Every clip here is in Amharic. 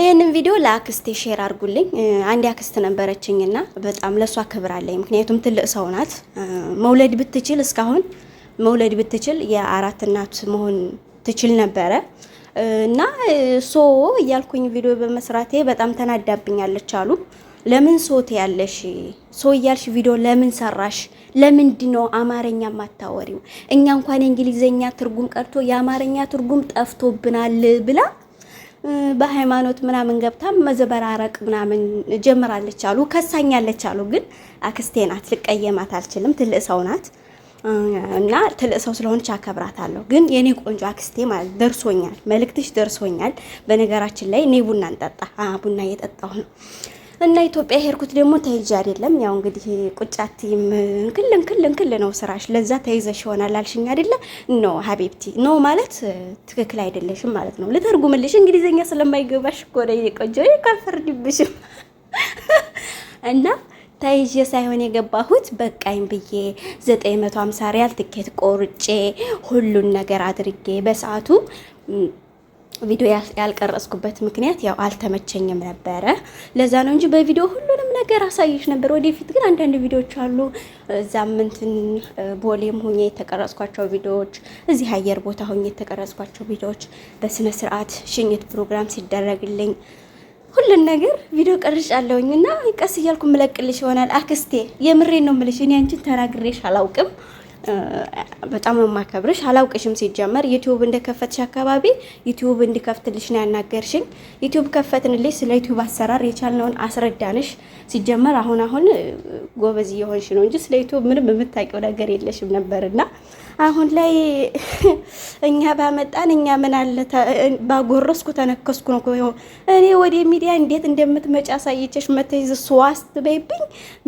ይህንን ቪዲዮ ለአክስቴ ሼር አድርጉልኝ። አንድ አክስት ነበረችኝና በጣም ለእሷ ክብር አለኝ። ምክንያቱም ትልቅ ሰው ናት። መውለድ ብትችል እስካሁን መውለድ ብትችል የአራት እናት መሆን ትችል ነበረ እና ሶ እያልኩኝ ቪዲዮ በመስራቴ በጣም ተናዳብኛለች አሉ። ለምን ሶት ያለሽ ሶ እያልሽ ቪዲዮ ለምን ሰራሽ? ለምንድን ነው አማርኛ ማታወሪው? እኛ እንኳን የእንግሊዝኛ ትርጉም ቀርቶ የአማርኛ ትርጉም ጠፍቶብናል ብላ በሃይማኖት ምናምን ገብታ መዘበራረቅ ምናምን ጀምራለች አሉ፣ ከሳኛለች አሉ። ግን አክስቴ ናት፣ ልቀየማት አልችልም። ትልቅ ሰው ናት እና ትልቅ ሰው ስለሆነች አከብራታለሁ። ግን የኔ ቆንጆ አክስቴ ማለት ደርሶኛል፣ መልእክትሽ ደርሶኛል። በነገራችን ላይ እኔ ቡና እንጠጣ ቡና እየጠጣሁ ነው እና ኢትዮጵያ ሄድኩት ደግሞ ተይዤ አይደለም። ያው እንግዲህ ቁጫት ክልን ክልን ክል ነው ስራሽ፣ ለዛ ተይዘሽ ይሆናል አልሽኝ አይደለ? ኖ ሀቢብቲ ኖ ማለት ትክክል አይደለሽም ማለት ነው። ልተርጉምልሽ፣ እንግሊዝኛ ስለማይገባሽ እኮ ነው የቆንጆ ካልፈርድብሽም እና ተይዤ ሳይሆን የገባሁት በቃኝ ብዬ 950 ሪያል ትኬት ቆርጬ ሁሉን ነገር አድርጌ በሰዓቱ ቪዲዮ ያልቀረጽኩበት ምክንያት ያው አልተመቸኝም ነበረ። ለዛ ነው እንጂ በቪዲዮ ሁሉንም ነገር አሳይሽ ነበር። ወደፊት ግን አንዳንድ ቪዲዮዎች አሉ እዛም እንትን ቦሌም ሆኜ የተቀረጽኳቸው ቪዲዮዎች፣ እዚህ አየር ቦታ ሆኜ የተቀረጽኳቸው ቪዲዮዎች፣ በስነ ስርዓት ሽኝት ፕሮግራም ሲደረግልኝ ሁሉን ነገር ቪዲዮ ቀርጫለሁኝ እና ቀስ እያልኩ ምለቅልሽ ይሆናል። አክስቴ የምሬን ነው ምልሽ። እኔ አንቺን ተናግሬሽ አላውቅም በጣም ነው የማከብርሽ። አላውቅሽም ሲጀመር ዩቲዩብ እንደከፈትሽ አካባቢ ዩቲዩብ እንድከፍትልሽ ነው ያናገርሽኝ። ዩቲዩብ ከፈትንልሽ፣ ስለ ዩቲዩብ አሰራር የቻልነውን አስረዳንሽ። ሲጀመር አሁን አሁን ጎበዝ እየሆንሽ ነው እንጂ ስለ ዩቲዩብ ምንም የምታውቂው ነገር የለሽም ነበርና አሁን ላይ እኛ ባመጣን እኛ ምን አለ ባጎረስኩ ተነከስኩ ነው። እኔ ወደ ሚዲያ እንዴት እንደምትመጪ አሳይቼሽ መተይዝ ስዋስት በይብኝ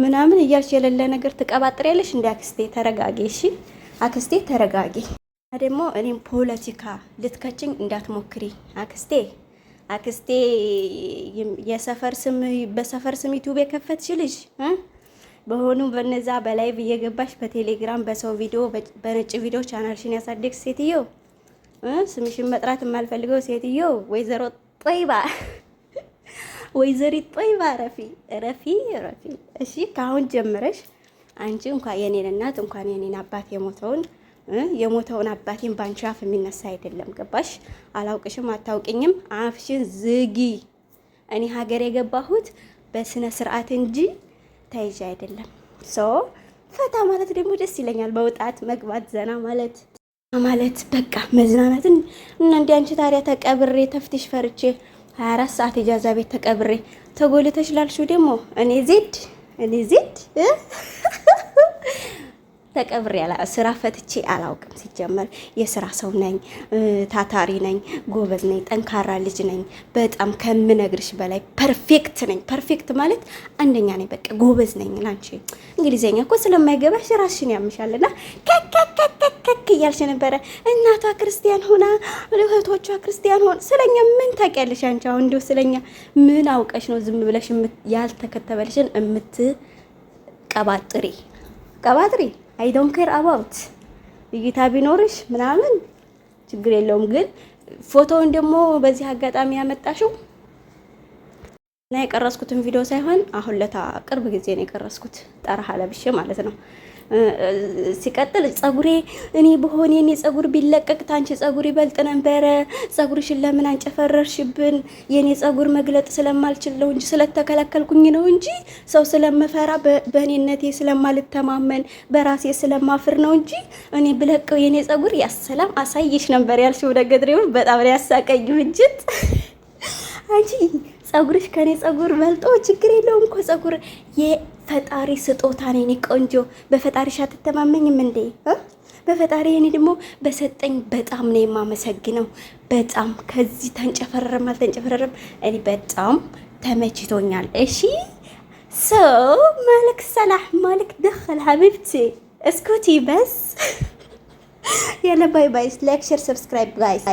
ምናምን እያልሽ የሌለ ነገር ትቀባጥሪያለሽ። እንደ አክስቴ ተረጋጊ፣ እሺ አክስቴ ተረጋጊ። ደግሞ እኔም ፖለቲካ ልትከችኝ እንዳትሞክሪ አክስቴ አክስቴ የሰፈር ስም በሰፈር ስም ዩቱብ የከፈትሽ ልጅ በሆኑ በነዛ በላይቭ እየገባሽ በቴሌግራም በሰው ቪዲዮ በነጭ ቪዲዮ ቻናልሽን ያሳደግ ሴትዮ፣ ስምሽን መጥራት የማልፈልገው ሴትዮ፣ ወይዘሮ ጦይባ ወይዘሪ ጠይባ ረፊ ረፊ ረፊ። እሺ ከአሁን ጀምረሽ አንቺ እንኳን የኔን እናት እንኳን የኔን አባት የሞተውን የሞተውን አባቴን ባንቺ አፍ የሚነሳ አይደለም። ገባሽ? አላውቅሽም፣ አታውቅኝም። አፍሽን ዝጊ። እኔ ሀገር የገባሁት በስነ ስርዓት እንጂ ተይዤ አይደለም። ሶ ፈታ ማለት ደግሞ ደስ ይለኛል። መውጣት መግባት፣ ዘና ማለት ማለት በቃ መዝናናትን እና እንዲ አንቺ ታዲያ ተቀብሬ ተፍትሽ ፈርቼ 24 ሰዓት ኢጃዛ ቤት ተቀብሬ ተጎልተሽ ላልሽው ደግሞ እኔ ዜድ እኔ ዜድ ተቀብሬ ስራ ፈትቼ አላውቅም። ሲጀመር የስራ ሰው ነኝ፣ ታታሪ ነኝ፣ ጎበዝ ነኝ፣ ጠንካራ ልጅ ነኝ። በጣም ከምነግርሽ በላይ ፐርፌክት ነኝ። ፐርፌክት ማለት አንደኛ ነኝ፣ በቃ ጎበዝ ነኝ። ላንቺ እንግሊዝኛ እኮ ስለማይገባሽ ራስሽን ያምሻልና ከከከከከክ እያልሽ ነበረ። እናቷ ክርስቲያን ሆና እህቶቿ ክርስቲያን ሆን ስለኛ ምን ታውቂያለሽ አንቺ? አሁን እንዲሁ ስለኛ ምን አውቀሽ ነው ዝም ብለሽ ያልተከተበልሽን የምትቀባጥሪ ቀባጥሪ አይ ዶንት ኬር አባውት እይታ ቢኖርሽ ምናምን ችግር የለውም። ግን ፎቶውን ደግሞ በዚህ አጋጣሚ ያመጣሽው እና የቀረስኩትን ቪዲዮ ሳይሆን አሁን ለታ ቅርብ ጊዜ ነው የቀረስኩት፣ ጠረሃ ለብሼ ማለት ነው። ሲቀጥል ጸጉሬ እኔ በሆን የኔ ጸጉር ቢለቀቅ ታንቺ ጸጉር ይበልጥ ነበረ፣ ጸጉርሽን ለምን አንጨፈረርሽብን? የኔ ጸጉር መግለጥ ስለማልችል ነው እንጂ ስለተከለከልኩኝ ነው እንጂ ሰው ስለምፈራ በእኔነቴ ስለማልተማመን በራሴ ስለማፍር ነው እንጂ እኔ ብለቀው የኔ ጸጉር ያሰላም አሳይሽ ነበር ያልሽው ነገር በጣም ነው ያሳቀኝ። ብጅት አንቺ ጸጉርሽ ከኔ ጸጉር በልጦ ችግር የለውም እኮ ጸጉር የፈጣሪ ስጦታ ነው። የኔ ቆንጆ በፈጣሪሽ አትተማመኝም እንዴ? በፈጣሪ እኔ ደግሞ በሰጠኝ በጣም ነው የማመሰግነው። በጣም ከዚህ ተንጨፈረረም አልተንጨፈረረም እኔ በጣም ተመችቶኛል። እሺ ሶ ማለክ ሰላህ ማለክ ደኸል ሀቢብቲ እስኩቲ በስ ያለ ባይ ባይስ ሌክቸር ሰብስክራይብ ጋይስ